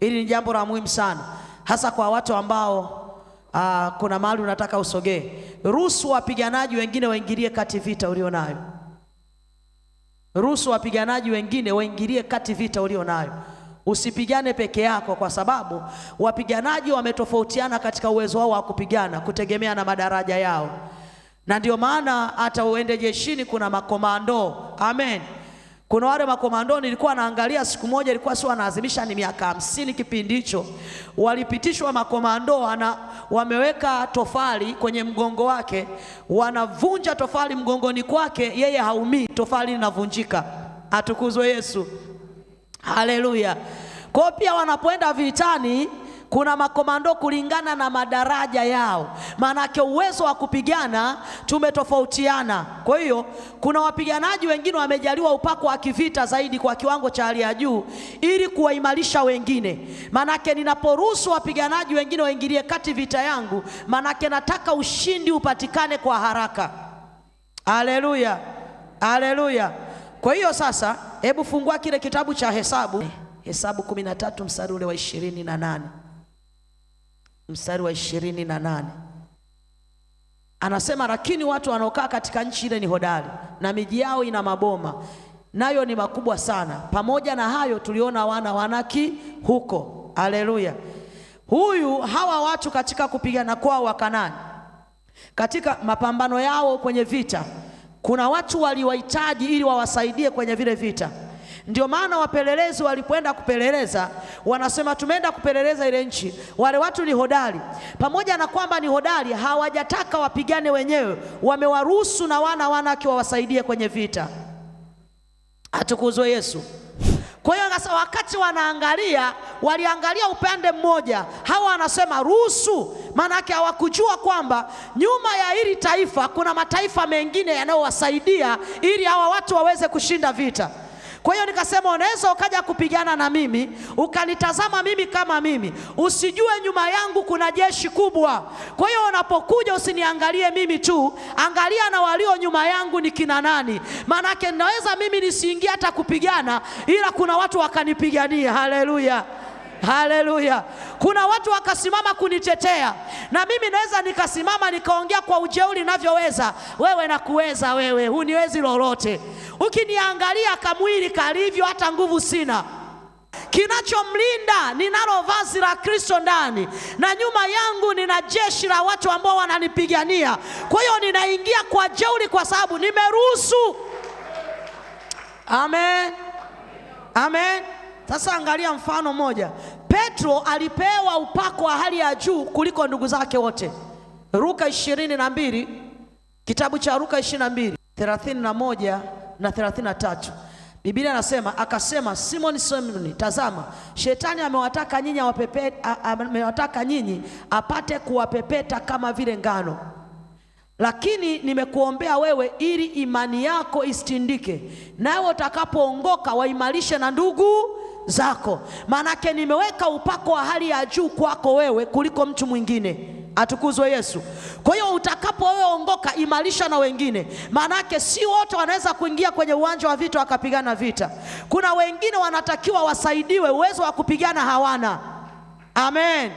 Hili ni jambo la muhimu sana, hasa kwa watu ambao uh, kuna mahali unataka usogee. Ruhusu wapiganaji wengine waingilie kati vita ulionayo, ruhusu wapiganaji wengine waingilie kati vita ulionayo. Usipigane peke yako, kwa sababu wapiganaji wametofautiana katika uwezo wao wa kupigana kutegemea na madaraja yao, na ndio maana hata uende jeshini kuna makomando. Amen. Kuna wale makomando nilikuwa naangalia siku moja, ilikuwa sio wanaadhimisha ni miaka hamsini kipindi hicho, walipitishwa makomando wana, wameweka tofali kwenye mgongo wake, wanavunja tofali mgongoni kwake, yeye haumii, tofali linavunjika. Atukuzwe Yesu, haleluya. Kwa hiyo pia wanapoenda vitani kuna makomando kulingana na madaraja yao, maanake uwezo wa kupigana tumetofautiana. Kwa hiyo kuna wapiganaji wengine wamejaliwa upako wa kivita zaidi kwa kiwango cha hali ya juu, ili kuwaimarisha wengine. Maanake ninaporuhusu wapiganaji wengine waingilie kati vita yangu, maanake nataka ushindi upatikane kwa haraka. Haleluya, haleluya. Kwa hiyo sasa, hebu fungua kile kitabu cha Hesabu, Hesabu 13 mstari ule wa ishirini na nane mstari wa ishirini na nane anasema, lakini watu wanaokaa katika nchi ile ni hodari na miji yao ina maboma nayo ni makubwa sana. Pamoja na hayo tuliona wana wanaki huko. Haleluya! Huyu hawa watu katika kupigana kwao wa katika mapambano yao kwenye vita, kuna watu waliwahitaji ili wawasaidie kwenye vile vita ndio maana wapelelezi walipoenda kupeleleza, wanasema tumeenda kupeleleza ile nchi, wale watu ni hodari. Pamoja na kwamba ni hodari, hawajataka wapigane wenyewe, wamewaruhusu na wana wanawake wawasaidie kwenye vita. Atukuzwe Yesu. Kwa hiyo sasa, wakati wanaangalia, waliangalia upande mmoja, hawa wanasema ruhusu. yake hawakujua kwamba nyuma ya hili taifa kuna mataifa mengine yanayowasaidia ili hawa watu waweze kushinda vita. Kwa hiyo nikasema unaweza ukaja kupigana na mimi, ukanitazama mimi kama mimi, usijue nyuma yangu kuna jeshi kubwa. Kwa hiyo unapokuja usiniangalie mimi tu, angalia na walio nyuma yangu ni kina nani, maanake naweza mimi nisiingia hata kupigana, ila kuna watu wakanipigania. Haleluya, haleluya! Kuna watu wakasimama kunitetea na mimi naweza nikasimama nikaongea kwa ujeuri navyoweza wewe nakuweza wewe, huniwezi lolote. Ukiniangalia kamwili kalivyo, hata nguvu sina kinachomlinda ninalo vazi la Kristo ndani, na nyuma yangu nina jeshi la watu ambao wananipigania. Kwa hiyo ninaingia kwa jeuri, kwa sababu nimeruhusu. Amen, amen. Sasa angalia mfano mmoja. Petro alipewa upako wa hali ya juu kuliko ndugu zake wote. Luka ishirini na mbili, kitabu cha Luka ishirini na mbili thelathini na moja na thelathini na tatu. Biblia anasema akasema, Simoni Simoni, tazama shetani amewataka nyinyi awapepe, amewataka nyinyi apate kuwapepeta kama vile ngano, lakini nimekuombea wewe ili imani yako isitindike, nawe utakapoongoka waimarishe na ndugu zako. Maanake nimeweka upako wa hali ya juu kwako wewe kuliko mtu mwingine. Atukuzwe Yesu. Kwa hiyo utakapo wewe ongoka, imarisha na wengine, maanake si wote wanaweza kuingia kwenye uwanja wa vita wakapigana vita. Kuna wengine wanatakiwa wasaidiwe, uwezo wa kupigana hawana. Amen,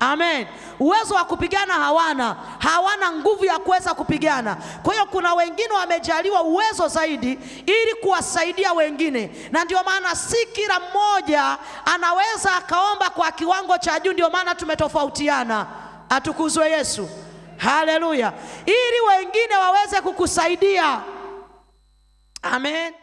amen uwezo wa kupigana hawana, hawana nguvu ya kuweza kupigana. Kwa hiyo kuna wengine wamejaliwa uwezo zaidi ili kuwasaidia wengine, na ndio maana si kila mmoja anaweza akaomba kwa kiwango cha juu. Ndio maana tumetofautiana. Atukuzwe Yesu, haleluya, ili wengine waweze kukusaidia. Amen.